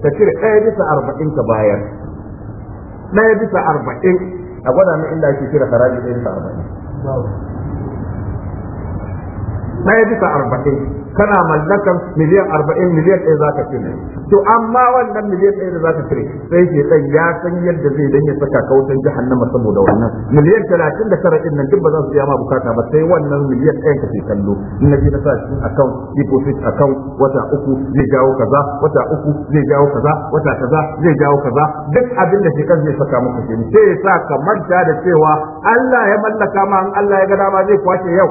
Speaker 1: 40 ka cire ɗaya bisa 40 ka bayar ɗaya bisa 40 a gwada mu inda ake kira haraji ɗaya bisa 40 ɗaya bisa 40 kana mallakan miliyan arba'in miliyan ɗaya za ka cire to amma wannan miliyan ɗaya da za ka cire sai ke ɗan ya san yadda zai dan ya saka kautan jahannama saboda wannan miliyan talatin da tara ɗin nan duk ba za su biya ma bukata ba sai wannan miliyan ɗayan ka ke kallo in na na sa shi account deposit account wata uku zai jawo kaza wata uku zai jawo kaza wata kaza zai jawo kaza duk abin da shekar zai saka maka ke sai ya sa kamar da cewa Allah ya mallaka ma Allah ya ga dama zai kwace yau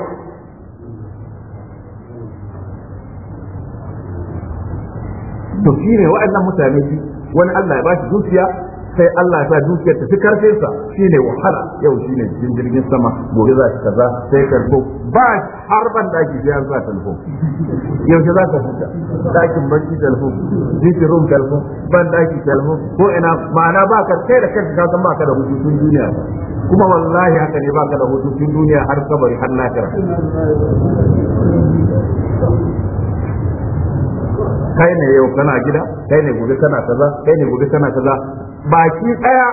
Speaker 1: to shine wa'annan mutane shi wani Allah ya bashi dukiya sai Allah ya sa dukiyar ta fi karfin sa shine wahala yau shine cikin jirgin sama gobe za ka kaza sai karbo ba har ban daki sai za sa talfo yau shi za ka huta dakin barci talfo jikin room talfo ban daki talfo ko ina ma'ana ba ka sai da kanka ka san ba ka da hutun duniya kuma wallahi haka ne ba ka da hutun duniya har kabari har lahira kai ne yau kana gida kai ne gobe kana kaza kai ne gobe kana kaza baki daya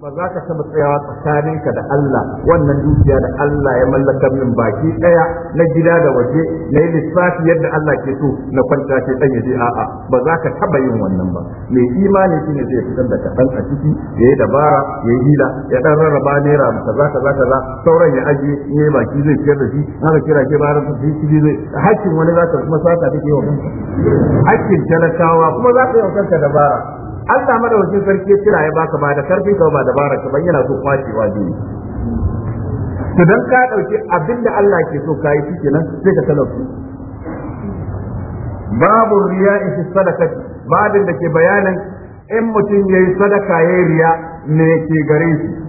Speaker 1: ba za ka taɓa tsayawa tsakaninka da Allah wannan dukiya da Allah ya mallaka min baki ɗaya na gida da waje na yi lissafi yadda Allah ke so na kwanta ke ɗan yaje a'a ba za ka taɓa yin wannan ba me imani shine zai fitar da kaɗan a ciki ya yi dabara ya yi hila ya ɗan rarraba naira za ka za, sauran ya ajiye in yi baki zai fiyar da shi ka kira ke bayar da shi shi zai hakkin wani za ka kuma saka take yawan hakkin talakawa kuma za ka yi kanka dabara Allah madawacin sarki ya kira ya baka ba da karfi ka ba da baraka ban yana so kwacewa biyu to dan ka dauki abinda Allah ke so kai nan sai ka talauci babu riya'i fi sadaqati babin da ke bayanin in mutum yayi sadaka yayi riya ne ke gare shi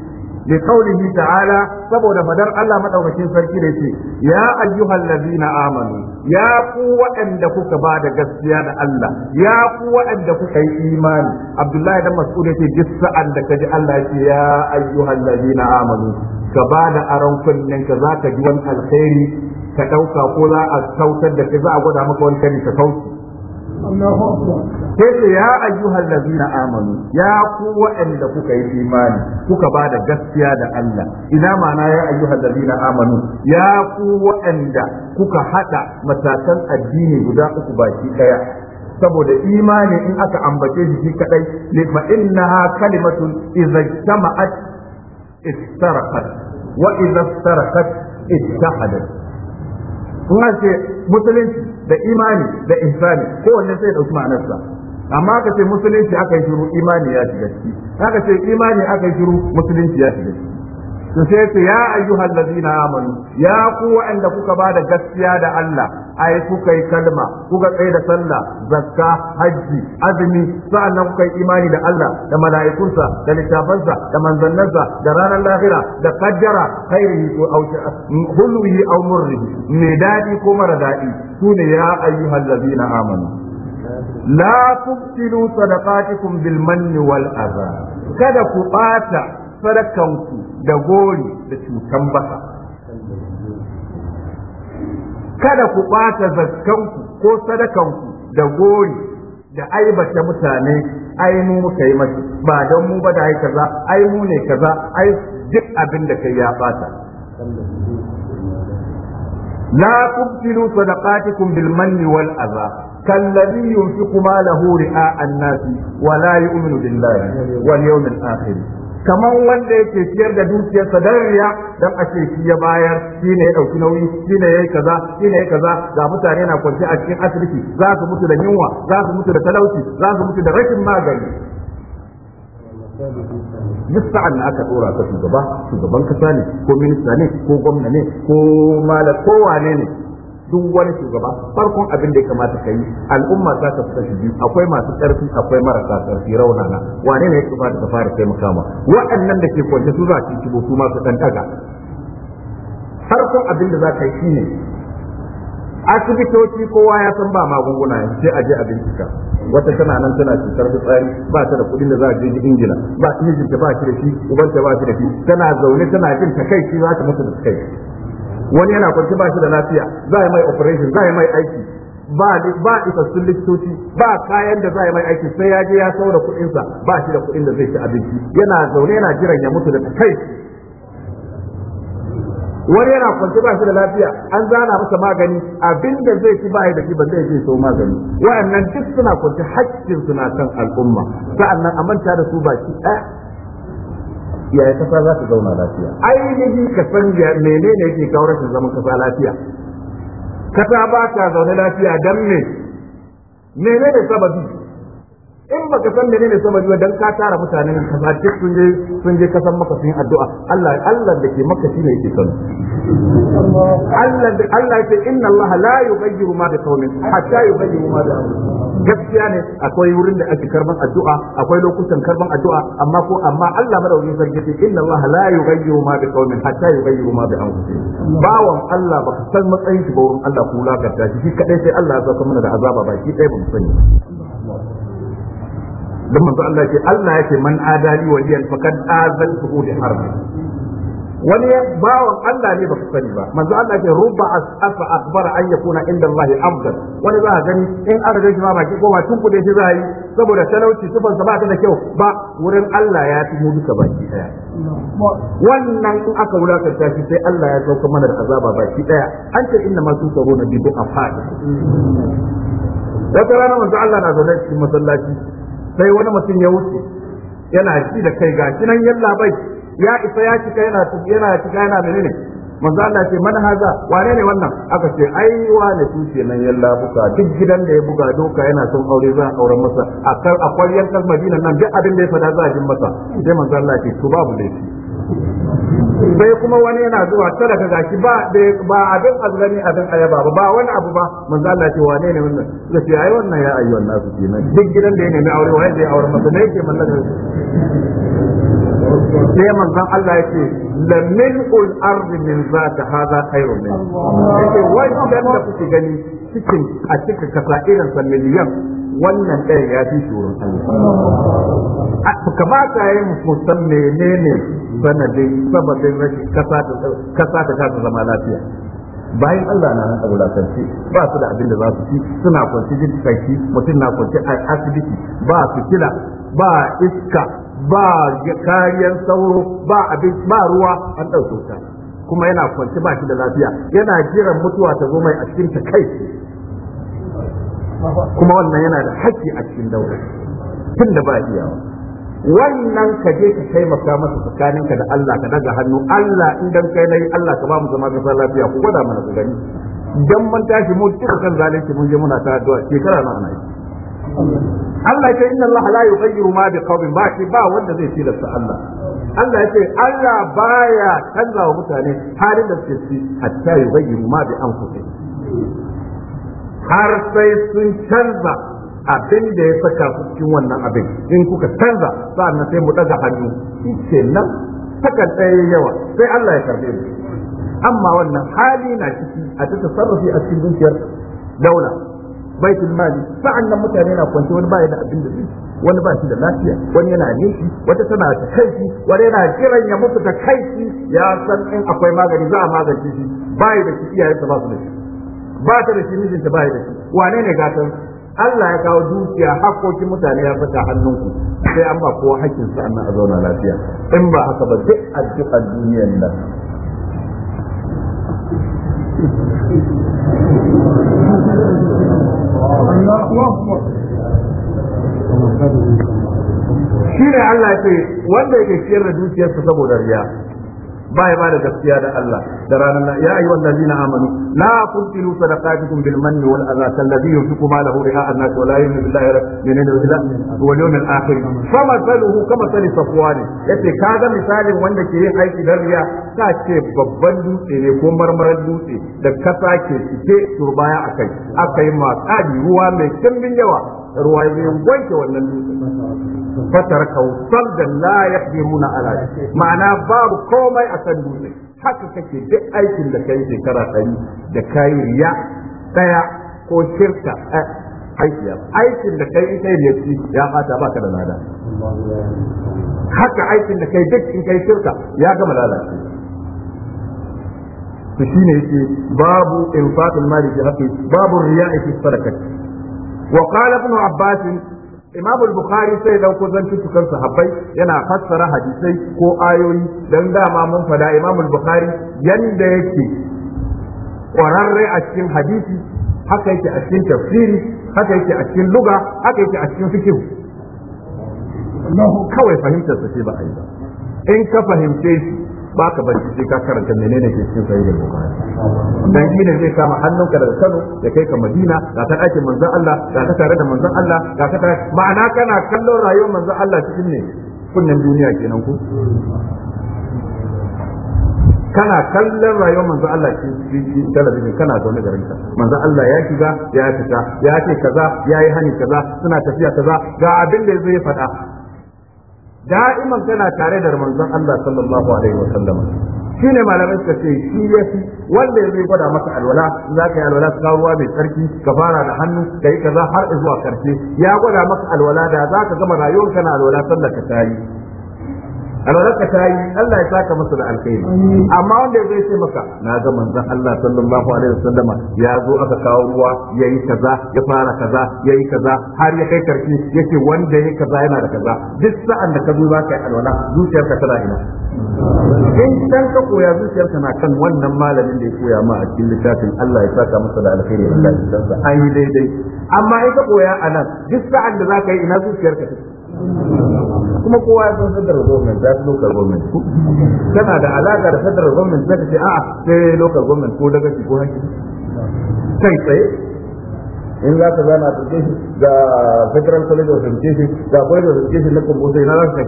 Speaker 1: li qawlihi ta'ala saboda fadar Allah madaukakin sarki da yake ya ayyuhallazina amanu ya ku waɗanda kuka ba da gaskiya da Allah ya ku waɗanda kuka yi imani Abdullahi dan Mas'ud yake duk sa'an da kaji Allah yake ya ayyuhallazina amanu ka ba da aron kunnen ka za ka ji wani alkhairi ka ɗauka ko za a sautar da ka za a gwada maka wani kari ka kauce sai ce ya ayyuhal ladina amanu ya ku waɗanda kuka yi imani kuka ba da gaskiya da Allah ina mana ya ayyuhal ladina amanu ya ku waɗanda kuka haɗa matakan addini guda uku baki daya saboda imani in aka ambace shi kadai ne fa innaha kalimatun idza jama'at istarqat wa idza istarqat ittahadat kuma musulunci da imani da ihsani kowanne sai dauki ma'anarsa amma ka ce musulunci aka yi shiru imani ya shiga ciki aka ce imani aka yi shiru musulunci ya shiga ciki to sai ce ya ayyuhal ladina amanu ya ku wanda kuka ba da gaskiya da Allah ai kuka yi kalma kuka tsaye da sallah zakka hajji azumi sa'annan kuka yi imani da Allah da mala'ikunsa da littafansa da manzannansa da ranar lahira da qaddara khairihi ko hulwihi aw murrihi me dadi ko mara dadi sune ya ayyuhal ladina amanu sadaqatikum bil manni wal والأذى kada ku ɓata sadakanku da gori da cutan baka kada ku ɓata zakkanku ko sadakanku da gori da aibata mutane ai mu muka yi ba don mu ba da ai kaza ai mu ne kaza ai duk abin da kai ya bata la tubtilu sadaqatikum bil manni wal adha ri'a an-nasi wa la yu'minu billahi wal yawmil akhir kamar wanda yake siyar da dukiyarsa dan riya dan a ce shi ya bayar shi ne ya ɗauki nauyi shi ne yayi kaza shi ne kaza ga mutane na kwance a cikin asibiti za su mutu da yunwa za su mutu da talauci za su mutu da rashin magani duk aka dora ka shugaba shugaban kasa ko minista ne ko gwamna ne ko malam ko wane ne duk wani shugaba farkon abin da ya kamata ka yi al'umma za ta fita biyu akwai masu ƙarfi akwai marasa ƙarfi raunana wane ne ya kuma da fara kai ma waɗannan da ke kwance su za su ci su masu su daga farkon abin da za ka yi shine asibitoci kowa ya san ba magunguna sai a je a bincika wata tana nan tana cutar da tsari ba ta da kuɗin da za a je ji injina ba ta mijinta ba shi da shi ubanta ba shi da shi tana zaune tana jin takaici za ta mutu da takaici wani yana kwanci ba shi da lafiya za a mai operation za a mai aiki ba ba isassun likitoci ba kayan da za a mai aiki sai ya je ya saura kuɗinsa ba shi da kuɗin da zai ci abinci yana zaune yana jiran ya mutu da kai wani yana kwanci ba shi da lafiya an zana masa magani abin da zai ci ba da shi ba zai je so magani wa'annan duk suna kwance haƙƙin na kan al'umma sa'annan a manta da su baki ɗaya yaya kasa za ta zauna lafiya ainihi ka san menene yake kawo rashin zaman kasa lafiya kasa ba ta zaune lafiya dan me menene sababi in ka san menene biyu dan ka tara mutane nan ba duk sun je sun je kasan maka sun addu'a Allah Allah da ke maka shine yake san Allah da Allah yake inna Allah la yughayyiru ma bi qaumin hatta yughayyiru ma bi gaskiya ne akwai wurin da ake karban addu'a akwai lokutan karban addu'a amma ko amma Allah madaukakin sarki ce inna Allah la yughayyiru ma bi qaumin hatta yughayyiru ma bi anfusihim bawan Allah ka san matsayin shi ba wurin Allah kula ga shi kadai sai Allah ya saka mana da azaba shi ɗaya ba mu sani don manzo Allah ce Allah ya ce man adali waliyan faqad azaltuhu bi harb wani bawan Allah ne baka sani ba manzo Allah ce rubba asafa akbara an yakuna inda Allah afdal wani za a gani in an rage ma baki ko ba tun kuɗe shi za yi saboda talauci sufan sa ba ta da kyau ba wurin Allah ya fi mu duka baki daya wannan in aka wulakanta shi sai Allah ya sauka mana da azaba baki daya an ce inna ma tusaruna bi du'a fa wata rana manzo Allah na zaune cikin masallaci sai wani mutum ya wuce yana ji da kai gashi nan yalla bai ya isa ya cika yana yana cika yana menene manzo Allah ce man haza wane ne wannan aka ce ai wane su ce nan yalla buka duk gidan da ya buga doka yana son aure za a aure masa akwai yankan Madina nan duk abin da ya fada za a jin masa sai manzo Allah ce to babu laifi bai kuma wani yana zuwa sadaka gashi ba ba abin azgani abin ayaba ba ba wani abu ba manzo Allah ce wane ne wannan da ce ai wannan ya ayyuhan nasu kenan duk gidan da ya nemi aure wai zai aure masa ne yake mallaka sai manzon Allah ya ce la min ul ard min zata hada khairun min yake wai da kuke gani cikin a cikin kasa irin sa miliyan wannan ɗaya ya fi tsoron Allah kamata ya yi musan menene sanadin sabbin rashin kasa ta kasa zama lafiya bayan Allah na nan wulakance ba su da abin da za su ci suna kwanci jin tsaki mutum na kwanci a asibiti ba su kila ba iska ba kariyar sauro ba abin ba ruwa an ɗauke ta kuma yana kwanci ba shi da lafiya yana jiran mutuwa ta zo mai a cikin ta kai kuma wannan yana da haƙƙi a cikin daura tun da ba iyawa wannan ka je ka taimaka masa tsakaninka da Allah ka daga hannu Allah in dan kai nayi Allah ka ba mu zama ga lafiya ku gwada mana ku gani dan mun tashi mu duka kan zalunci mun je muna ta addu'a shekara na ana yi Allah ya inna Allah la yughayyiru ma bi qaumin ba shi ba wanda zai tilasta Allah Allah ya ce Allah baya canza wa mutane halin da suke ciki hatta yughayyiru ma bi anfusihim har sai sun canza abin da ya saka su cikin wannan abin in kuka canza sa'annan sai mu daga hannu shi ke nan takan ɗaya yawa sai Allah ya karbe mu amma wannan hali na ciki a ta tasarrufi a cikin zuciyar daula baitul mali nan mutane na kwance wani baya da abin da zai wani ba shi da lafiya wani yana nishi wata tana da kaifi wani yana kiran ya mutu da kaifi ya san in akwai magani za a magance shi bai da shi iyayensa ba su da shi ba ta da shi mijinta ba da shi wane ne gatan Allah ya kawo dukiya hakkokin mutane ya fita hannunku sai an ba kowa hakkin sa annan a zauna lafiya in ba haka ba duk addu'a duniyar nan shi ne Allah ya ce wanda yake ciyar da dukiyarsa saboda riya ba ya bada gaskiya da Allah da ranar ya ayyuhal ladina amanu la tunfiru sadaqatikum bil manni wal adha alladhi yunfiqu malahu ri'a an-nas wa la yu'minu billahi wal yawmil akhir fama saluhu kama sali safwan yace kaga misalin wanda ke yin aiki da riya ka ce babban dutse ne ko marmarar dutse da kasa ke cike turbaya akai akai ma ruwa mai kimbin yawa ruwa ya yin wanke wannan dutse fatar kausar da la ya muna ala ma'ana babu komai a kan dutse haka kake duk aikin da kai shekara ɗari da kayi riya ɗaya ko shirka eh, aikin da kai ita ne ya fata baka da lada haka aikin da kai duk in kai shirka ya gama lalace to shine yake babu infaqul mali fi haqqi babu riya'i fi sadaqati وقال ابن عباس Imam Bukhari sai dauko zantuttukan sahabbai yana fassara hadisai ko ayoyi don dama mun fada Imam Bukhari yanda yake ƙwararre a cikin hadisi haka yake a cikin tafsiri haka yake a cikin luga haka yake a cikin fikihu kawai fahimtar sa ce ba a yi ba in ka fahimce shi ba ka bari sai ka karanta menene ke cikin sahih bukhari dan shi ne zai kama hannunka daga Kano ya kai ka Madina ga ta ɗakin manzon Allah ga ta tare da manzon Allah ga ta ma'ana kana kallon rayuwar manzon Allah cikin ne kunnen duniya kenan ku kana kallon rayuwar manzo Allah cikin talabijin kana zaune garin ka manzo Allah ya shiga ya fita ya ce kaza ya yi hani kaza suna tafiya kaza ga abin da zai faɗa da'iman tana tare da manzon Allah sallallahu alaihi wasallam shi ne malamai suka ce shi ya fi wanda zai gwada maka alwala za ka yi alwala ka ruwa mai tsarki ka fara da hannu ka yi kaza har zuwa karshe ya gwada maka alwala da za ka gama rayuwar kana alwala sallar ka tayi alwalarka ta yi Allah ya saka masa da alkhairi amma wanda zai ce maka na ga manzon Allah sallallahu alaihi wasallama ya zo aka kawo ruwa yayi kaza ya fara kaza yayi kaza har ya kai karfi yace wanda yayi kaza yana da kaza duk sa'an da ka zo za ka yi alwala zuciyarka tana ina in dan ka koya zuciyarka na kan wannan malamin da ya koya ma a cikin littafin Allah ya saka masa da alkhairi Allah ya saka an yi daidai amma in ka koya anan duk sa'an da za ka yi ina zuciyarka take kuma kowa ya san federal government ya fi local government ku. kana da alaka da federal government zaka ce a'a sai local government ko daga ko hanki kai tsaye in za ka zana application ga federal college of education ga college of education na kumbusa ina za ka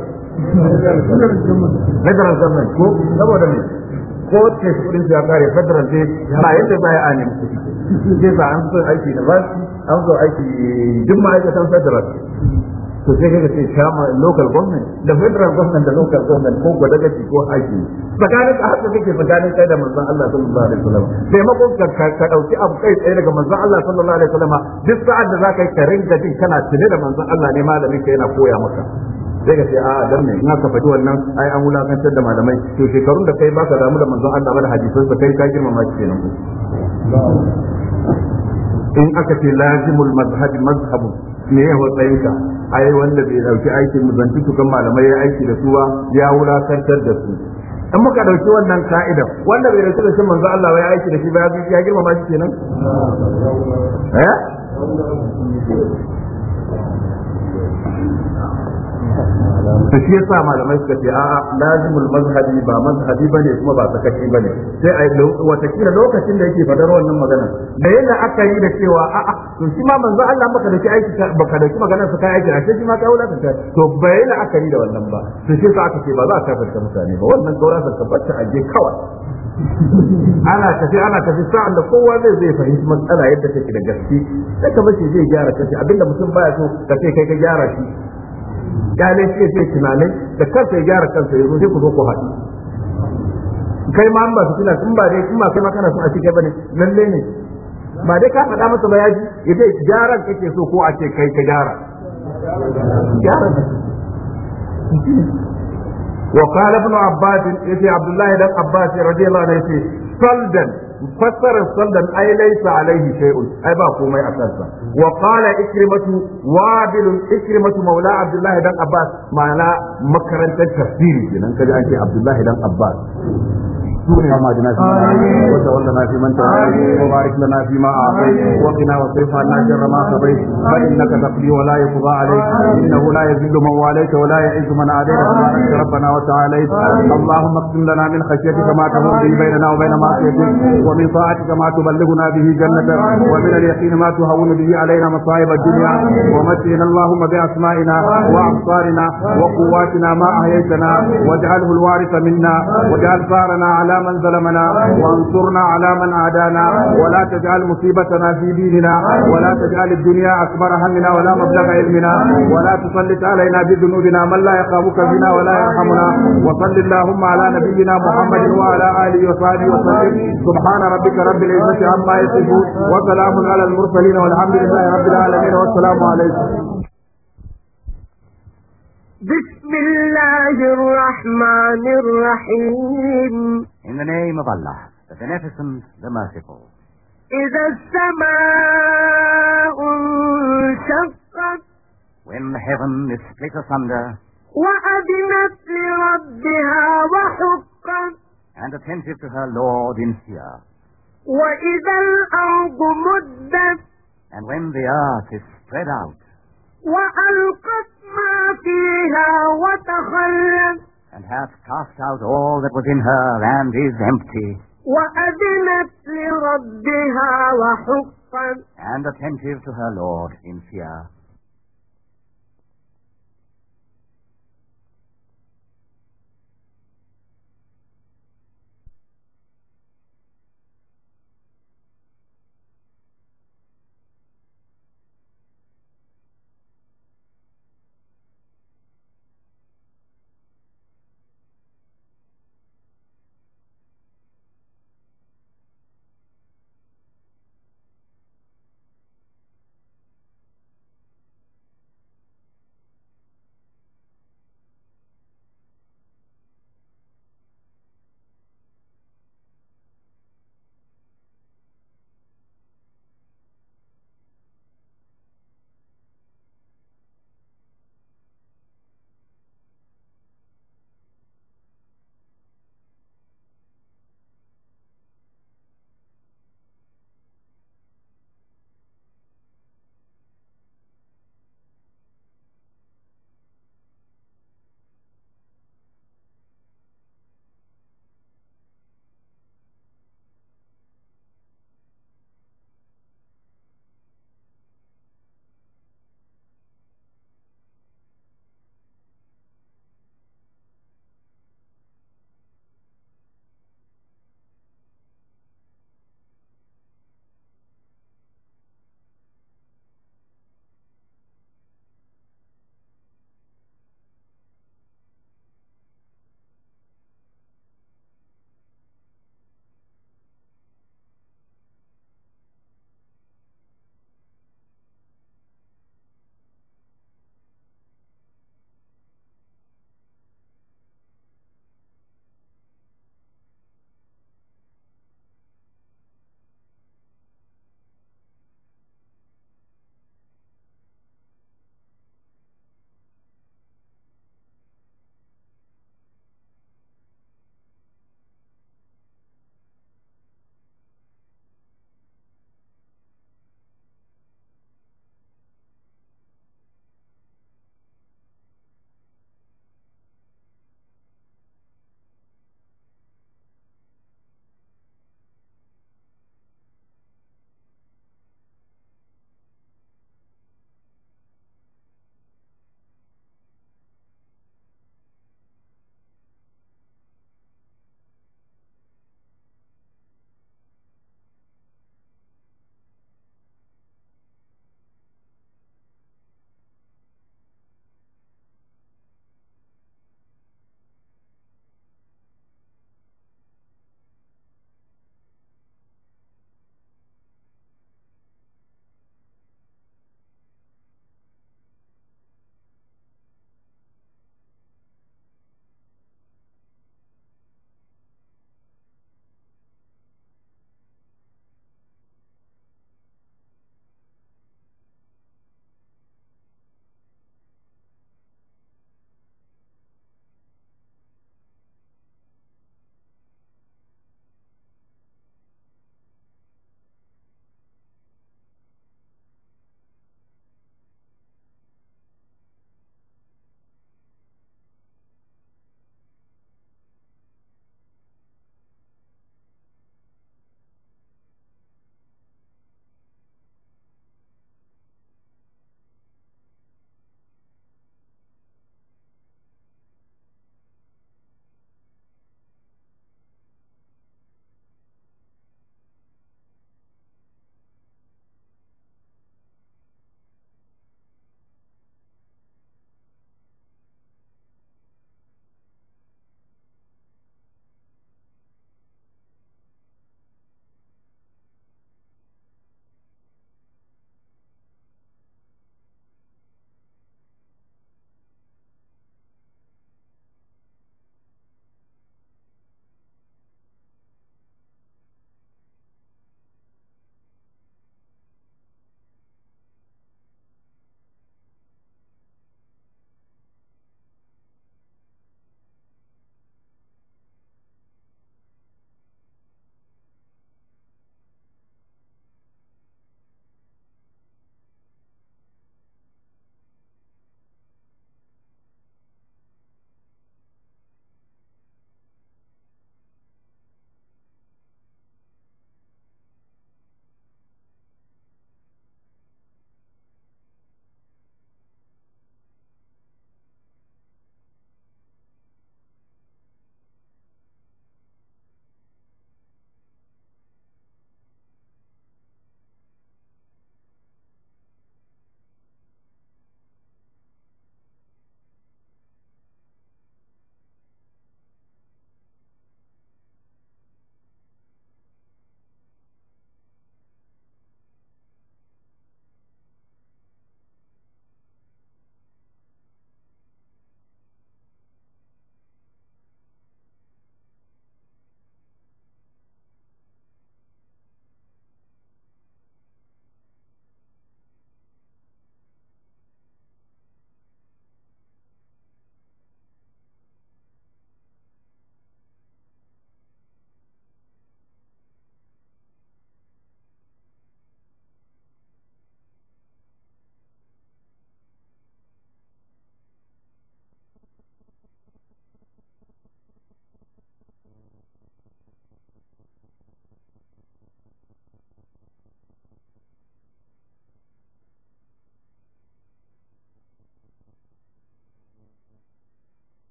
Speaker 1: federal government ko saboda ne ko ce ɗin ya kare federal ne ba yadda ba ya ani sai ba an so aiki da ba an so aiki duk ma'aikatan federal to sai kaga sai kama local government da federal government da local government ko gwadaga ko aji. tsakanin ka haka kake tsakanin kai da manzon Allah sallallahu alaihi wasallam sai mako ka dauki abu kai tsaye daga manzon Allah sallallahu alaihi wasallam duk sa'ad da zaka yi karin da din kana tune da manzon Allah ne malamin ka yana koya maka sai ka ce a dan ne ina ka fadi wannan ai an wulakantar da malamai to shekarun da kai baka damu da manzon Allah ba da hadisi sa kai ka girmama shi kenan in aka ce lazimul mazhabi madhhabu me ya ka ai wanda bai dauki aikin mu tukan malamai ya aiki da su ba ya wulakantar da su in muka dauki wannan ka'ida wanda bai dauki da shi manzo Allah ya aiki da shi ba ya girma girmama shi kenan eh
Speaker 2: to
Speaker 1: shi yasa malamai suka ce a'a lazimul mazhabi ba mazhabi bane kuma ba sakaci bane sai a wata kila lokacin da yake fadar wannan magana da yadda aka yi da cewa a'a to shi ma manzo Allah baka da shi aiki baka da shi magana su kai aiki sai shi ma kai wulakan ta to bai la aka yi da wannan ba to shi yasa aka ce ba za a da mutane ba wannan gaura da tabbata a je kawai ana tafi ana tafi sa'an da kowa zai zai fahimci matsala yadda take da gaske sai ka bace zai gyara kace abinda mutum baya so ka ce kai ka gyara shi kyale shi sai tunanai da kansa ya gyara kansa ya sai ku zo ku haɗu kai ma ba su tuna sun ba dai kuma kai ma kana so a cike bane lalle ne ba dai ka faɗa masa ba ya ji ya ce gyaran kake so ko a ce kai ka gyara gyara وقال ابن عباس يتي عبد الله بن عباس رضي الله عنه يتي fassarar sandan ai laysa alaihi shay'un ai ba komai a kansa wa ikrimatu Wabilun ikrimatu maula Abdullahi dan abbas ma'ana makarantar tafsiri kenan kaji an ce abdullah dan abbas وارحمنا بما جناح وتولنا فيمن توليت وبارك لنا فيما اعطيت وقنا واصرف عنا شر ما قضيت فانك تقضي ولا يقضى عليك انه لا يذل من واليت ولا يعز من عاديت تبارك ربنا وتعاليت اللهم اقسم لنا من خشيتك ما تمر به بيننا وبين معصيتك ومن طاعتك ما تبلغنا به جنتك ومن اليقين ما تهون به علينا مصائب الدنيا ومتعنا اللهم باسمائنا وابصارنا وقواتنا ما احييتنا واجعله الوارث منا واجعل ثارنا على على من ظلمنا وانصرنا على من عادانا ولا تجعل مصيبتنا في ديننا ولا تجعل الدنيا أكبر همنا ولا مبلغ علمنا ولا تسلط علينا بذنوبنا من لا يخافك بنا ولا يرحمنا وصل اللهم على نبينا محمد وعلى آله وصحبه وسلم سبحان ربك رب العزة عما يصفون وسلام على المرسلين والحمد لله رب العالمين والسلام عليكم بسم الله الرحمن الرحيم In the name of Allah, the Beneficent, the Merciful. When heaven is split asunder, and attentive to her Lord in fear. And when the earth is spread out, and hath cast out all that was in her and is empty. And attentive to her Lord in fear.